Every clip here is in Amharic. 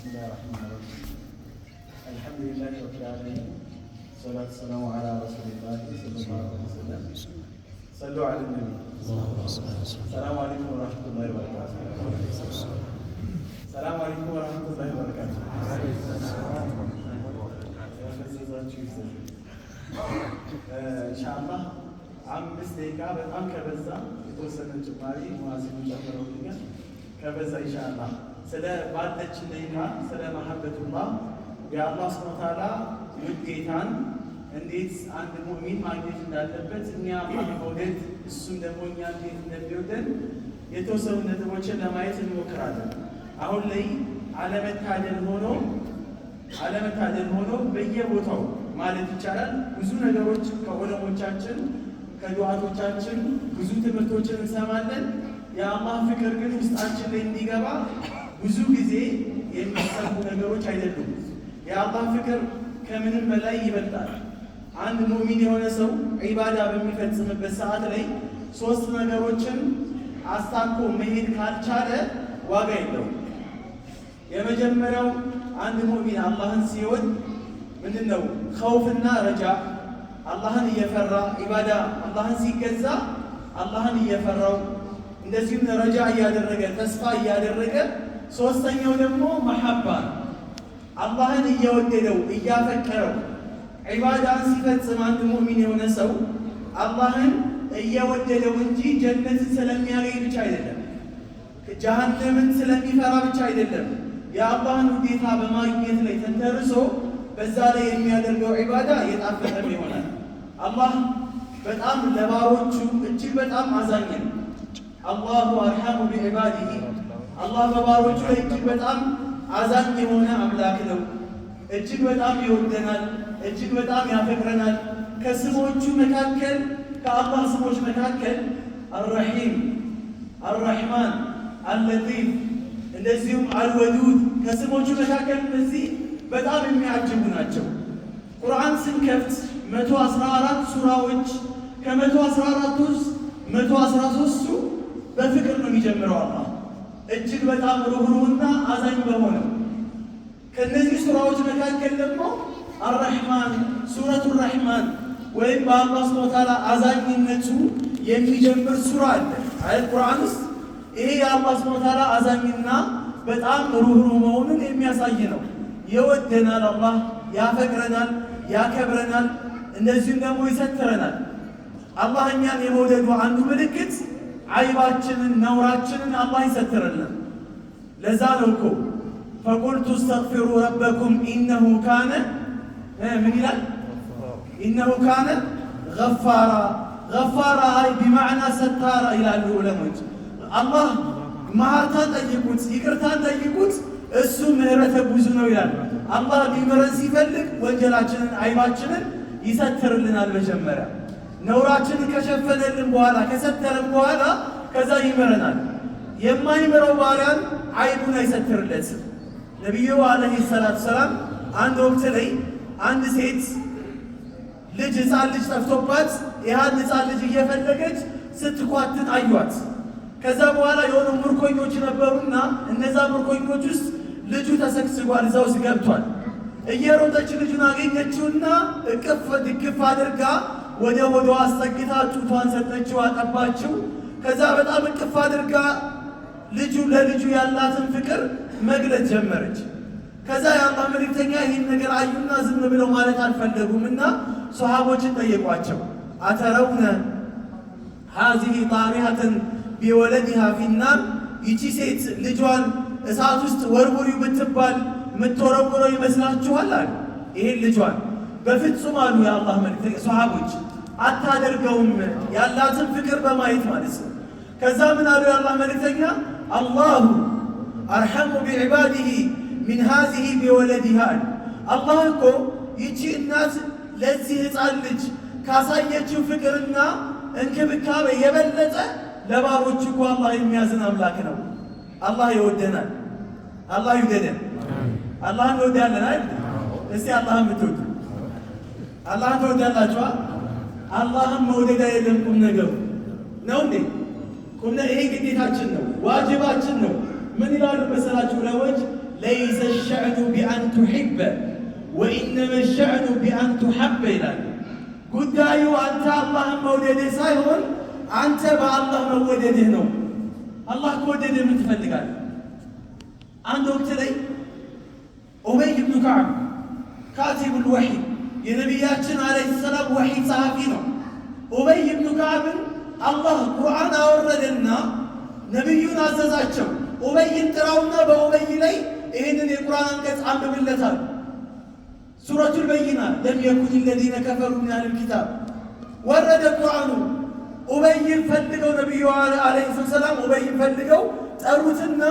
بسم الله الرحمن الرحيم الحمد لله رب العالمين والصلاة والسلام على رسول الله صلى الله عليه وسلم صلوا على النبي السلام عليكم ورحمة الله وبركاته السلام عليكم ورحمة الله وبركاته ان شاء الله አምስት ደቂቃ በጣም ከበዛ የተወሰነ ጭማሪ መዋሲኖች አፈረውልኛል ከበዛ ኢንሻአላህ ስለ ባለችልኝና ስለ መሐበቱላ የአላህ ስብሐ ወተዓላ ውዴታን እንዴት አንድ ሙእሚን ማግኘት እንዳለበት እኛ መውደድ እሱም ደግሞ እኛ እንዴት እንደሚወደን የተወሰኑ ነጥቦችን ለማየት እንሞክራለን። አሁን ላይ አለመታደል ሆኖ አለመታደል ሆኖ በየቦታው ማለት ይቻላል ብዙ ነገሮች ከዑለሞቻችን ከዱዓቶቻችን ብዙ ትምህርቶችን እንሰማለን። የአላህ ፍቅር ግን ውስጣችን ላይ እንዲገባ ብዙ ጊዜ የሚሰሙ ነገሮች አይደሉም። የአላህ ፍቅር ከምንም በላይ ይበልጣል። አንድ ሙእሚን የሆነ ሰው ዒባዳ በሚፈጽምበት ሰዓት ላይ ሶስት ነገሮችን አስታኮ መሄድ ካልቻለ ዋጋ የለውም። የመጀመሪያው አንድ ሙእሚን አላህን ሲወድ ምንድን ነው? ኸውፍና ረጃ፣ አላህን እየፈራ ዒባዳ፣ አላህን ሲገዛ አላህን እየፈራው እንደዚሁም ረጃ እያደረገ ተስፋ እያደረገ ሶስተኛው ደግሞ መሐባ አላህን እየወደደው እያፈቀረው ዒባዳን ሲፈጽም አንድ ሙእሚን የሆነ ሰው አላህን እየወደደው እንጂ ጀነትን ስለሚያገኝ ብቻ አይደለም፣ ጀሃነምን ስለሚፈራ ብቻ አይደለም። የአላህን ውዴታ በማግኘት ላይ ተንተርሶ በዛ ላይ የሚያደርገው ዒባዳ የጣፈጠም ይሆናል። አላህ በጣም ለባሮቹ እጅግ በጣም አዛኝ ነው። አላሁ አርሐሙ ቢዒባዲሂ አላህ በባሮቹ ላይ እጅግ በጣም አዛኝ የሆነ አምላክ ነው። እጅግ በጣም ይወደናል፣ እጅግ በጣም ያፈቅረናል። ከስሞቹ መካከል ከአላህ ስሞች መካከል አልረሒም፣ አልረሕማን፣ አልለጢፍ እንደዚሁም አልወዱድ ከስሞቹ መካከል እነዚህ በጣም የሚያጅቡ ናቸው። ቁርአን ስንከፍት መቶ አስራ አራት ሱራዎች ከመቶ አስራ አራት ውስጥ መቶ አስራ ሶስቱ በፍቅር ነው የሚጀምረው አላህ እጅግ በጣም ሩህሩህና አዛኝ በሆነ ከእነዚህ ሱራዎች መካከል ደግሞ አራሕማን ሱረቱ ራሕማን ወይም በአላህ ስብሐ ወተዓላ አዛኝነቱ የሚጀምር ሱራ አለ አይ ቁርአን ውስጥ። ይሄ የአላህ ስብሐ ወተዓላ አዛኝና በጣም ሩህሩህ መሆኑን የሚያሳይ ነው። ይወደናል፣ አላህ ያፈቅረናል፣ ያከብረናል፣ እንደዚሁም ደግሞ ይሰትረናል። አላህ እኛን የመውደዱ አንዱ ምልክት አይባችንን ነውራችንን አላህ ይሰትርልን። ለዛ ነው እኮ ፈቁልቱ እስተግፊሩ ረበኩም ኢነሁ ካነ ምን ይላል? ኢነሁ ካነ ገፋራ ገፋራ። አይ ቢማዕና ሰታራ ይላሉ ዑለሞች። አላህ መሀርታ ጠይቁት፣ ይቅርታ ጠይቁት፣ እሱ ምህረተ ብዙ ነው ይላል። አላህ ሊምረን ሲፈልግ ወንጀላችንን አይባችንን ይሰትርልናል መጀመሪያ ነውራችን ከሸፈነልን በኋላ ከሰተረን በኋላ ከዛ ይመረናል። የማይመረው ባሪያን አይቡን አይሰትርለትም። ነቢዩ አለህ ሰላት ሰላም አንድ ወቅት ላይ አንድ ሴት ልጅ ህፃን ልጅ ጠፍቶባት ይህን ህፃን ልጅ እየፈለገች ስትኳት ታዩት። ከዛ በኋላ የሆኑ ምርኮኞች ነበሩና እነዛ ምርኮኞች ውስጥ ልጁ ተሰግስጓል፣ እዛ ውስጥ ገብቷል። እየሮጠች ልጁን አገኘችውና እቅፍ ድግፍ አድርጋ ወደ ሆዷ አስጠግታ ጡቷን ሰጠችው፣ አጠባችው። ከዛ በጣም እቅፍ አድርጋ ልጁ ለልጁ ያላትን ፍቅር መግለጽ ጀመረች። ከዛ የአላ መልእክተኛ ይህን ነገር አዩና ዝም ብለው ማለት አልፈለጉም እና ሰሃቦችን ጠየቋቸው። አተረውነ ሀዚህ ጣሪሀተን ቢወለዲሃ ፊናር፣ ይቺ ሴት ልጇን እሳት ውስጥ ወርውሪው ብትባል ምትወረውረው ይመስላችኋል? አሉ ይህን ልጇን በፍጹም አሉ የአላህ መልእክተኛ ሰሃቦች አታደርገውም ያላትን ፍቅር በማየት ማለት ነው። ከዛ ምን አሉ የአላህ መልእክተኛ አላሁ አርሐሙ ቢዕባዲህ ሚን ሃዚህ ቢወለዲሃ አላህ እኮ ይቺ እናት ለዚህ ሕፃን ልጅ ካሳየችው ፍቅርና እንክብካቤ የበለጠ ለባሮች እኮ አላህ የሚያዝን አምላክ ነው። አላህ ይወደናል። አላህ ይውደደን። አላህ እንወዳለን አይደል? እስቲ አላህ የምትወዱ አላህ ትወዳላችኋል? አላህም መውደድ አይደለም ቁም ነገሩ ነው እንዴ? ቁም ነገር ይሄ ግዴታችን ነው፣ ዋጅባችን ነው። ምን ይላሉ መሰላችሁ ዑለሞች ለይሰ ሸዕኑ ቢአን ቱሕበ ወኢነመ ሸዕኑ ቢአን ቱሐበ ይላሉ። ጉዳዩ አንተ አላህን መውደድህ ሳይሆን አንተ በአላህ መወደድህ ነው። አላህ ከወደደ ምን ትፈልጋለህ? አንድ ወቅት ላይ ኡበይ ብኑ ከዓብ ካቲቡል ወሕይ የነቢያችን አለይሂ ሰላም ወሒ ጸሐፊ ነው። ኡበይ ብኑ ከዓብን አላህ ቁርአን አወረደና ነቢዩን አዘዛቸው። ኡበይን ጥራውና በኡበይ ላይ ይህንን የቁርአን አንቀጽ አንብብለታል። ሱረቱል በይና ለም የኩን ለዚነ ከፈሩ ምን አህል ኪታብ ወረደ ቁርአኑ። ኡበይን ፈልገው ነቢዩ አለይሂ ሰላም ኡበይን ፈልገው ጠሩትና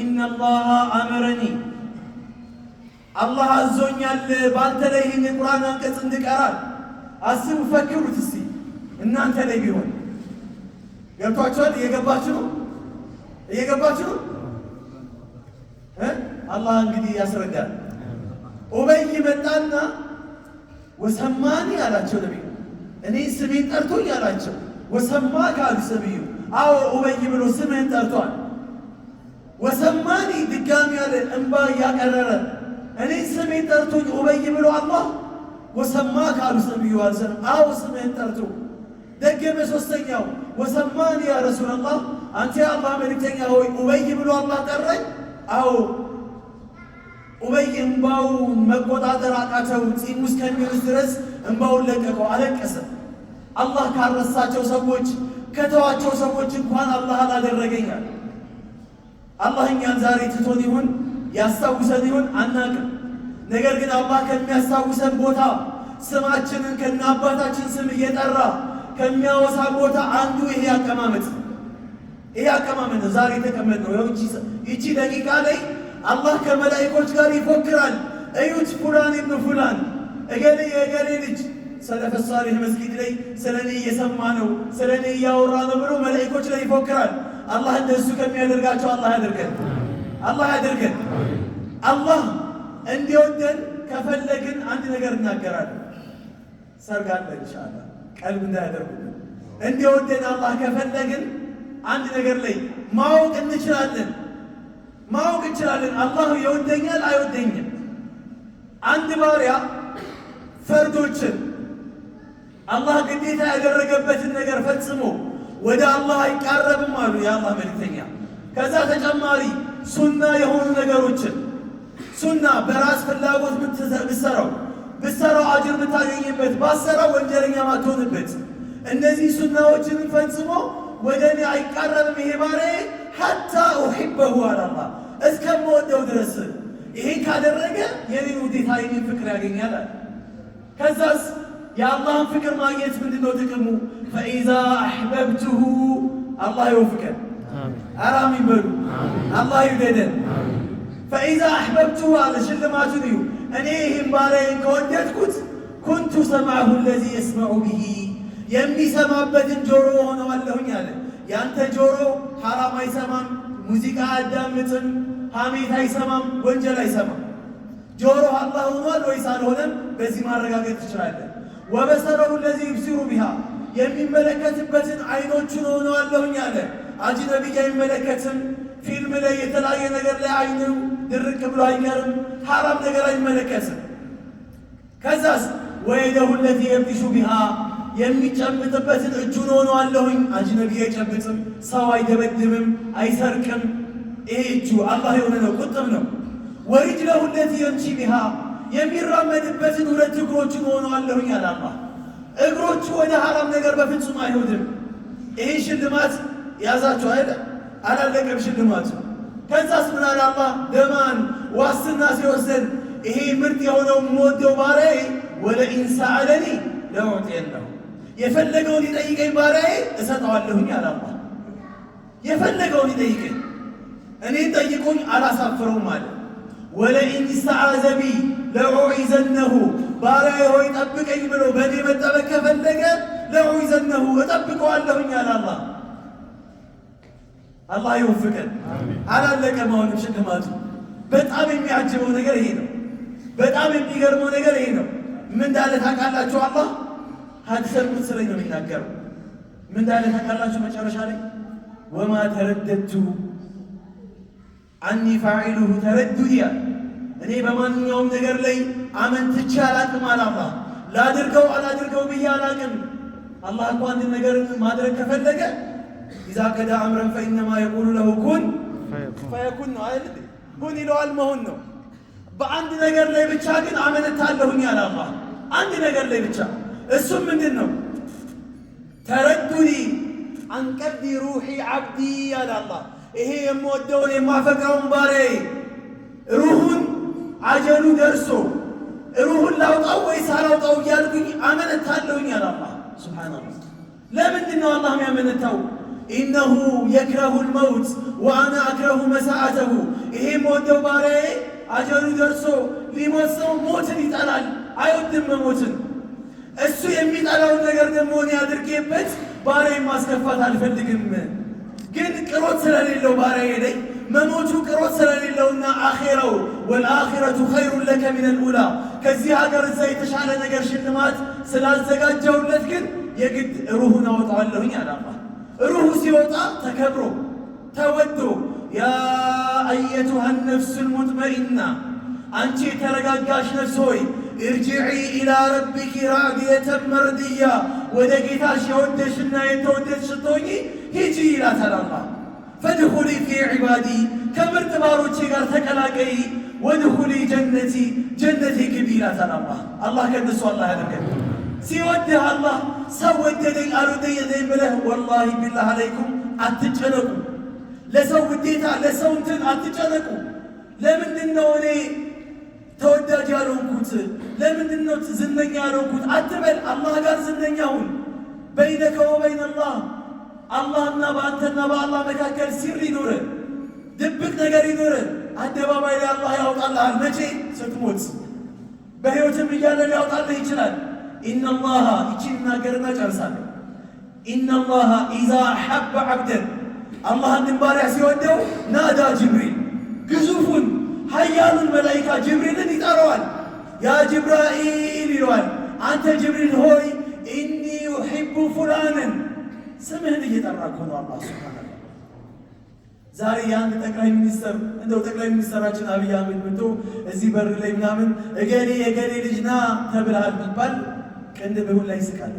ኢነላሃ አመረኒ አላህ አዞኛል በአንተ ላይ ይህን የቁርአን አንቀጽ እንድቀራል። አስቡ፣ ፈክሩት እስቲ እናንተ ላይ ቢሆን ገብቷችኋል? እየገባችሁ ነው? እየገባችሁ ነው? አላህ እንግዲህ ያስረዳል። ኡበይ መጣና ወሰማኒ አላቸው ነቢዩ። እኔ ስሜን ጠርቶኝ አላቸው። ወሰማ ካሉ ነቢዩ፣ አዎ ኡበይ ብሎ ስምህን ጠርቷል። ወሰማኒ ድጋሚ ያለ እንባ እያቀረረ እኔ ስሜ ጠርቶኝ ኡበይ ብሎ አላ ወሰማ ካሉ ነቢዩ አዘን አዎ ስምህን ጠርቶ ደገመ። ሶስተኛው ወሰማን ያ ረሱላላህ አንተ የአላህ መልእክተኛ ሆይ ኡበይ ብሎ አላ ጠራኝ። አዎ ኡበይ እምባውን መቆጣጠር አቃተው። ጺም ውስጥ ድረስ እምባውን ለቀቀው፣ አለቀሰ። አላህ ካረሳቸው ሰዎች ከተዋቸው ሰዎች እንኳን አላህ አላደረገኛል። አላህ እኛን ዛሬ ትቶን ይሁን ያስታውሰን ይሆን አናቅም። ነገር ግን አባ ከሚያስታውሰን ቦታ ስማችንን ከነ አባታችን ስም እየጠራ ከሚያወሳ ቦታ አንዱ ይሄ አቀማመጥ ይሄ አቀማመጥ ነው። ዛሬ የተቀመጥ ይቺ ይቺ ደቂቃ ላይ አላህ ከመላይኮች ጋር ይፎክራል። እዩት ፉላን ኢብኑ ፉላን እገሌ የእገሌ ልጅ ሰለፈ ሷሊህ መስጊድ ላይ ስለ እኔ እየሰማ ነው፣ ስለ እኔ እያወራ ነው ብሎ መላይኮች ላይ ይፎክራል። አላህ እንደሱ ከሚያደርጋቸው አላህ ያደርገን፣ አላህ ያደርገን። አላህ እንዲወደን ከፈለግን አንድ ነገር እናገራለን። ሰርግ አለ ኢንሻአላህ ቀልብ እንዳያደርጉብን። እንዲወደን አላህ ከፈለግን አንድ ነገር ላይ ማወቅ እንችላለን። ማወቅ እንችላለን አላህ ይወደኛል አይወደኝም። አንድ ባሪያ ፈርዶችን አላህ ግዴታ ያደረገበትን ነገር ፈጽሞ ወደ አላህ አይቃረብም አሉ የአላህ መልክተኛ። ከዛ ተጨማሪ ሱና የሆኑ ነገሮችን ሱና በራስ ፍላጎት ብትሰራው ብትሰራው አጅር ብታገኝበት፣ ባሰራው ወንጀለኛ ማትሆንበት። እነዚህ ሱናዎችን ፈጽሞ ወደ እኔ አይቃረብም ይሄ ባሪያዬ ሐታ ኡሒበሁ አላላ እስከምወደው ድረስ ይሄን ካደረገ የኔን ውዴታ የኔን ፍቅር ያገኛል አለ። ከዛስ የአላህን ፍቅር ማግኘት ምንድነው ጥቅሙ? ፈኢዛ አሕበብትሁ አላህ ይወፍቀን። አራሚን በሉ አላህ ይውደደን። ፈኢዛ አሕበብቱ አለ። ሽልማቱን እዩ። እኔ ይህም ባሪያዬን ከወደድኩት ኩንቱ ሰማሁ ለዚ የስመዑ ብሂ የሚሰማበትን ጆሮ ሆነዋለሁኝ አለ። ያንተ ጆሮ ሐራም አይሰማም፣ ሙዚቃ አያዳምጥም፣ ሐሜት አይሰማም፣ ወንጀል አይሰማም። ጆሮ አላህ ሆኗል ወይስ አልሆነም? በዚህ ማረጋገጥ ትችላለን። ወበሰረሁ ለዚ ይብሲሩ ቢሃ የሚመለከትበትን አይኖቹን ሆነዋለሁኝ አለ። አጅነቢያ አይመለከትም ፊልም ላይ የተለያየ ነገር ላይ አይኑ ድርቅ ብሎ አይቀርም። ሐራም ነገር አይመለከትም። ከዛስ ወየደሁ ለቲ የምሹ ቢሃ የሚጨብጥበትን እጁን ሆኖ አለሁኝ። አጅነቢ አይጨብጥም፣ ሰው አይደበድብም፣ አይሰርቅም። ይሄ እጁ አላህ የሆነ ነው፣ ቁጥብ ነው። ወሪጅለሁ ለቲ የምሺ ቢሃ የሚራመድበትን ሁለት እግሮቹን ሆኖ አለሁኝ አለ አላህ። እግሮቹ ወደ ሐራም ነገር በፍጹም አይሁድም። ይሄ ሽልማት ያዛችሁ አይደል? አላለቀም ሽልማቱ። ከዛስ ምናል አላ ዋስትና ሲወስን ይሄ ምርጥ የሆነው የምወደው ባሪያዬ ወለኢን ሰአለኒ ለኡዕጢየነሁ የፈለገውን ሊጠይቀኝ ባሪያዬ እሰጠዋለሁኝ አለ የፈለገውን ሊጠይቀኝ እኔ ጠይቁኝ አላሳፍረውም አለ። ወለኢን ስተዓዘ ለኡዒዘነሁ ባሪያዬ ሆይ ጠብቀኝ ብሎ በእኔ መጠበቅ ከፈለገ ለኡዒዘነሁ እጠብቀዋለሁኝ አለ አላህ ይወፍቀን። አላለቀ አሁንም ሽልማቱ በጣም የሚያጅበው ነገር ይሄ ነው። በጣም የሚገርመው ነገር ይሄ ነው። ምን እንዳለ ታውቃላችሁ? አላህ ሀዲሰል ቁድስ ነው የሚናገረው። ምን እንዳለ ታውቃላችሁ? መጨረሻ ላይ ወማ ተረደድቱ አኒ ፋዒሉሁ ተረዱያ፣ እኔ በማንኛውም ነገር ላይ አመንትቼ አላቅም። አላላ ላድርገው አላድርገው ብዬ አላቅም። አላህ እኮ አንድ ነገር ማድረግ ከፈለገ ኢዛ ከዳ አምረን ፈኢነማ የቁሉ ለሁ ኩን ፈየኩን ነው አይደል? ሁን ይለዋል መሆን ነው። በአንድ ነገር ላይ ብቻ ግን አመነታለሁኝ ያለ አላህ አንድ ነገር ላይ ብቻ እሱም ምንድን ነው? ተረዱኒ አንቀብዲ ሩሒ ዓብዲ ያለ አላህ ይሄ የምወደውን የማፈቅረውን ባሪያዬ ሩሁን አጀሉ ደርሶ ሩሁን ላውጣው ወይስ አላውጣው እያልኩኝ አመነታለሁኝ ያለ አላህ ሱብሓነሁ። ለምንድን ነው አላህ የሚያመነታው? ኢነሁ የክረሁል መውት ወአና አክረሁ መሳአተሁ። ይሄም ወደው ባሪያዬ አጀሩ ደርሶ ሊሞት ሰው ሞትን ይጠላል፣ አይወድም መሞትን። እሱ የሚጠላውን ነገር ደግሞ እኔ አድርጌበት ባሪያዬን ማስከፋት አልፈልግም። ግን ቅሮት ስለሌለው ባሪያዬ ላይ መሞቱ ቅሮት ስለሌለውና አኼራው ወልአኼረቱ ኸይሩን ለከ ሚነል ኡላ ከዚህ ሀገር እዛ የተሻለ ነገር ሽልማት ስላዘጋጀውለት ግን የግድ ሩሁን አወጣዋለሁኝ አላማ ሲወጣ ተከብሮ ተወዶ ያ አየቱሃ ነፍሱል ሙጥመኢና አንቺ የተረጋጋሽ ነፍስ ሆይ እርጅዒ ኢላ ረቢኪ ራዲየተን መርድያ ወደ ጌታሽ የወደሽና የተወደድሽ ስትሆኚ ሂጂ ይላታል አላህ። ፈድኹሊ ፊ ዒባዲ ከምርጥ ባሮቼ ጋር ተቀላቀይ፣ ወድኹሊ ጀነቲ ጀነቴ ግቢ ይላታል አላህ። አላህ ከእነሱ አላህ ያደርገን። ሲወድህ አላህ ሰው ወደደኝ አልወደደኝ ብለህ ወላሂ ቢላህ አለይኩም አትጨነቁ። ለሰው ውዴታ ለሰው እንትን አትጨነቁ። ለምንድን ነው እኔ ተወዳጅ ያልሆንኩት? ለምንድን ነው ዝነኛ ያልሆንኩት አትበል። አላህ ጋር ዝነኛ ሁን። በይነከ ወበይነላህ አላህና በአንተና በአላህ መካከል ሲር ይኑረ፣ ድብቅ ነገር ይኑረ። አደባባይ ላይ አላህ ያውጣልሃል። መቼ ስትሞት፣ በሕይወትም እያለ ሊያውጣልህ ይችላል። ኢነላሃ ይቺን ናገርና ጨርሳለሁ። ኢነላሃ ኢዛ ሐበ ዐብደን አላህ አንድን ባሪያ ሲወደው ናዳ ጅብሪል ግዙፉን ኃያሉን መላይካ ጅብሪልን ይጠራዋል። ያ ጅብራኢል ይለዋል። አንተ ጅብሪል ሆይ እኒ ዩሒቡ ፉላንን ስምህን እየጠራ እኮ ነው አላህ ሱብሓነሁ ዛሬ የአንድ ጠቅላይ ሚኒስተር እንደው ጠቅላይ ሚኒስትራችን አብይ አህመድ መጥቶ እዚህ በር ላይ ምናምን እገሌ የገሌ ልጅ ና ተብለሃል ይባል ከእንደ በሁሉ ላይ ይስቃል።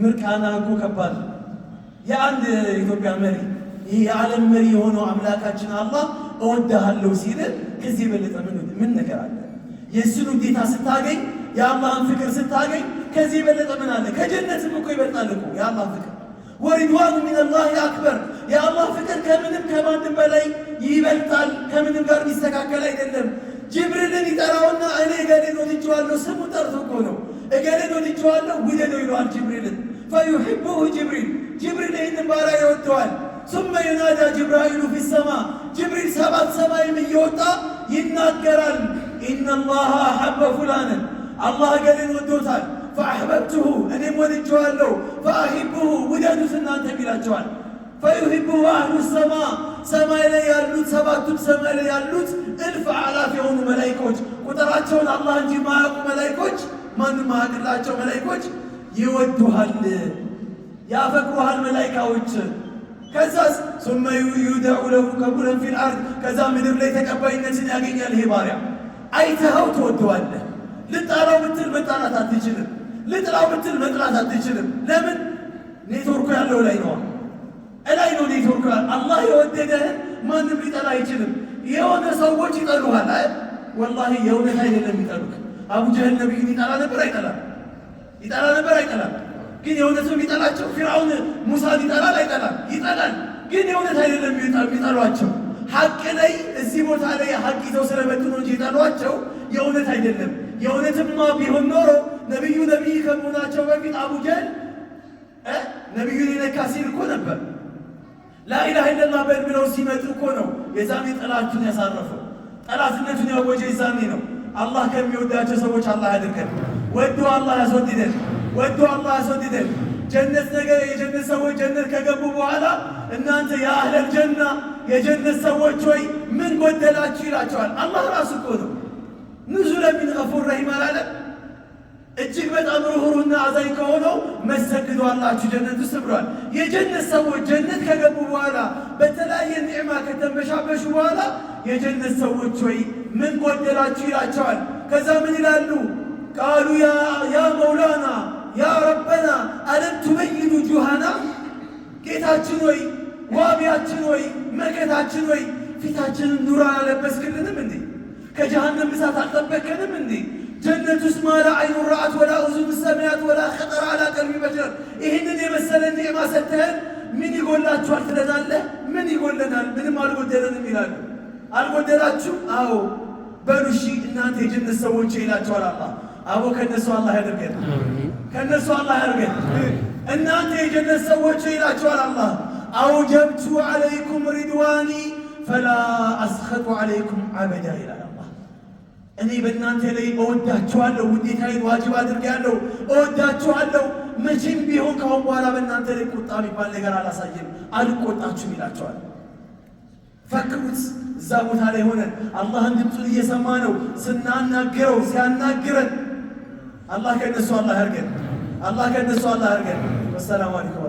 ምርቃና እኮ ከባድ የአንድ ኢትዮጵያ መሪ ይህ የዓለም መሪ የሆነው አምላካችን አላህ እወድሃለሁ ሲል ከዚህ የበለጠ ምን ነገር አለ? የእሱን ውዴታ ስታገኝ፣ የአላህን ፍቅር ስታገኝ ከዚህ የበለጠ ምን አለ? ከጀነትም እኮ ይበልጣል እኮ የአላህ ፍቅር። ወሪድዋኑ ሚነላህ አክበር የአላህ ፍቅር ከምንም ከማንም በላይ ይበልጣል። ከምንም ጋር የሚስተካከል አይደለም። ጅብሪልን ይጠራውና እኔ ገሌ ነው ልጅዋለሁ ስሙ ጠርቶ እኮ ነው እገሌን ወድጄዋለሁ ውደደው ይለዋል ጅብሪልን። ፈዩሕቡሁ ጅብሪል ጅብሪል ይህንን ባሪያ ይወደዋል። ሱመ ዩናዳ ጅብራኢሉ ፊሰማ ጅብሪል ሰባት ሰማይም እየወጣ ይናገራል። ኢነላሃ ላሃ አሐበ ፉላንን አላህ እገሌን ወዶታል። ፈአሕበብትሁ እኔም ወድጄዋለሁ። ፈአሂቡሁ ውደዱት እናንተም ይላቸዋል። ፈዩሂቡሁ አህሉ ሰማ ሰማይ ላይ ያሉት ሰባቱም ሰማይ ላይ ያሉት እልፍ አላፍ የሆኑ መላይኮች ቁጥራቸውን አላህ እንጂ ማያውቁ መላይኮች ማን ማህድላቸው መላእክቶች ይወዱሃል፣ ያፈቅሩሃል መላእክቶች። ከዛስ ሱመ ዩዳዑ ለሁ ቀቡለን ፊል አርድ፣ ከዛ ምድር ላይ ተቀባይነትን ያገኛል ይሄ ባሪያ። አይተኸው ትወደዋለህ። ልጣላው ብትል መጣላት አትችልም። ልጥላው ብትል መጥላት አትችልም። ለምን? ኔትወርኩ ያለው ላይ ነው እላይ ነው ኔትወርኩ ያለው። አላህ የወደደህን ማንም ሊጠላ አይችልም። የሆነ ሰዎች ይጠሉሃል። ወላሂ የእውነት አይደለም ይጠሉህ አቡጀህል ነቢዩን ይጠላ ነበር አይጠላም? ይጠላ ነበር አይጠላም? ግን የእውነት ሰው የሚጠላቸው ፊርዓውን ሙሳን ይጠላል አይጠላም? ይጠላል። ግን የእውነት አይደለም የሚጠሏቸው ሐቅ ላይ እዚህ ቦታ ላይ ሐቅ ይዘው ስለመጡ ነው እንጂ የጠሏቸው የእውነት አይደለም። የእውነትማ ቢሆን ኖሮ ነቢዩ ነቢይ ከመሆናቸው በፊት አቡጀህል ነቢዩን የነካ ሲል እኮ ነበር። ላኢላሃ ኢለላህ በል ብለው ሲመጡ እኮ ነው የዛኔ ጠላቱን ያሳረፈው። ጠላትነቱን ያወጀ የዛኔ ነው። አላህ ከሚወዳቸው ሰዎች አላህ ያድርገን። ወዶ አላህ ያስወድደን። ወዶ አላህ ያስወድደን። ጀነት ነገር የጀነት ሰዎች ጀነት ከገቡ በኋላ እናንተ የአህለል ጀና የጀነት ሰዎች ወይ ምን ጎደላችሁ ይላቸዋል። አላህ ራሱ እኮ ነው ንዙለን ሚን ገፉር ረሂም አላለም። እጅግ በጣም ርኅሩህና አዛኝ ከሆነው መሰግዷላችሁ ጀነት ውስጥ ብሏል። የጀነት ሰዎች ጀነት ከገቡ በኋላ በተለያየ ኒዕማ ከተመሻበሹ በኋላ የጀነት ሰዎች ወይ ምን ጎደላችሁ ይላቸዋል። ከዛ ምን ይላሉ? ቃሉ ያ መውላና ያ ረበና አለም ቱበይዱ ጁሃና፣ ጌታችን ወይ ዋቢያችን ወይ መከታችን ወይ ፊታችንን ኑር አለበስክልንም እንዴ? ከጀሃነም እሳት አልጠበቀንም እንዴ? ጀነት ውስጥ ማላ አይኑ ረአት ወላ ኡዙን ሰሚያት ወላ ኸጠር አላ ቀልቢ በሸር ይህንን የመሰለ ኒዕማ ሰጥተኸን ምን ይጎላችኋል ትለናለህ? ምን ይጎለናል? ምንም አልጎደለንም ይላሉ። አልጎደላችሁ? አዎ በሉ እሺ እናንተ የጀነት ሰዎች ይላቸዋል አላህ። አቦ ከነሱ አላህ ያድርገን፣ ከነሱ አላህ ያድርገን። እናንተ የጀነት ሰዎች ይላቸዋል አላህ። አውጀብቱ ዓለይኩም ሪድዋኒ ፈላ አስኸጡ ዓለይኩም አበዳ ይላል አላህ። እኔ በእናንተ ላይ እወዳችኋለሁ፣ ውዴታዬን ዋጅብ አድርጌያለሁ፣ እወዳችኋለሁ። መቼም ቢሆን ካሁን በኋላ በእናንተ ላይ ቁጣ የሚባል ነገር አላሳየም፣ አልቆጣችሁም ይላቸዋል ፈክሩት። እዛ ቦታ ላይ ሆነ አላህን ድምፁን እየሰማ ነው ስናናገረው፣ ሲያናግረን አላህ ከነሱ አላህ አድርገን፣ አላህ ከነሱ አላህ አድርገን። ወሰላሙ አለይኩም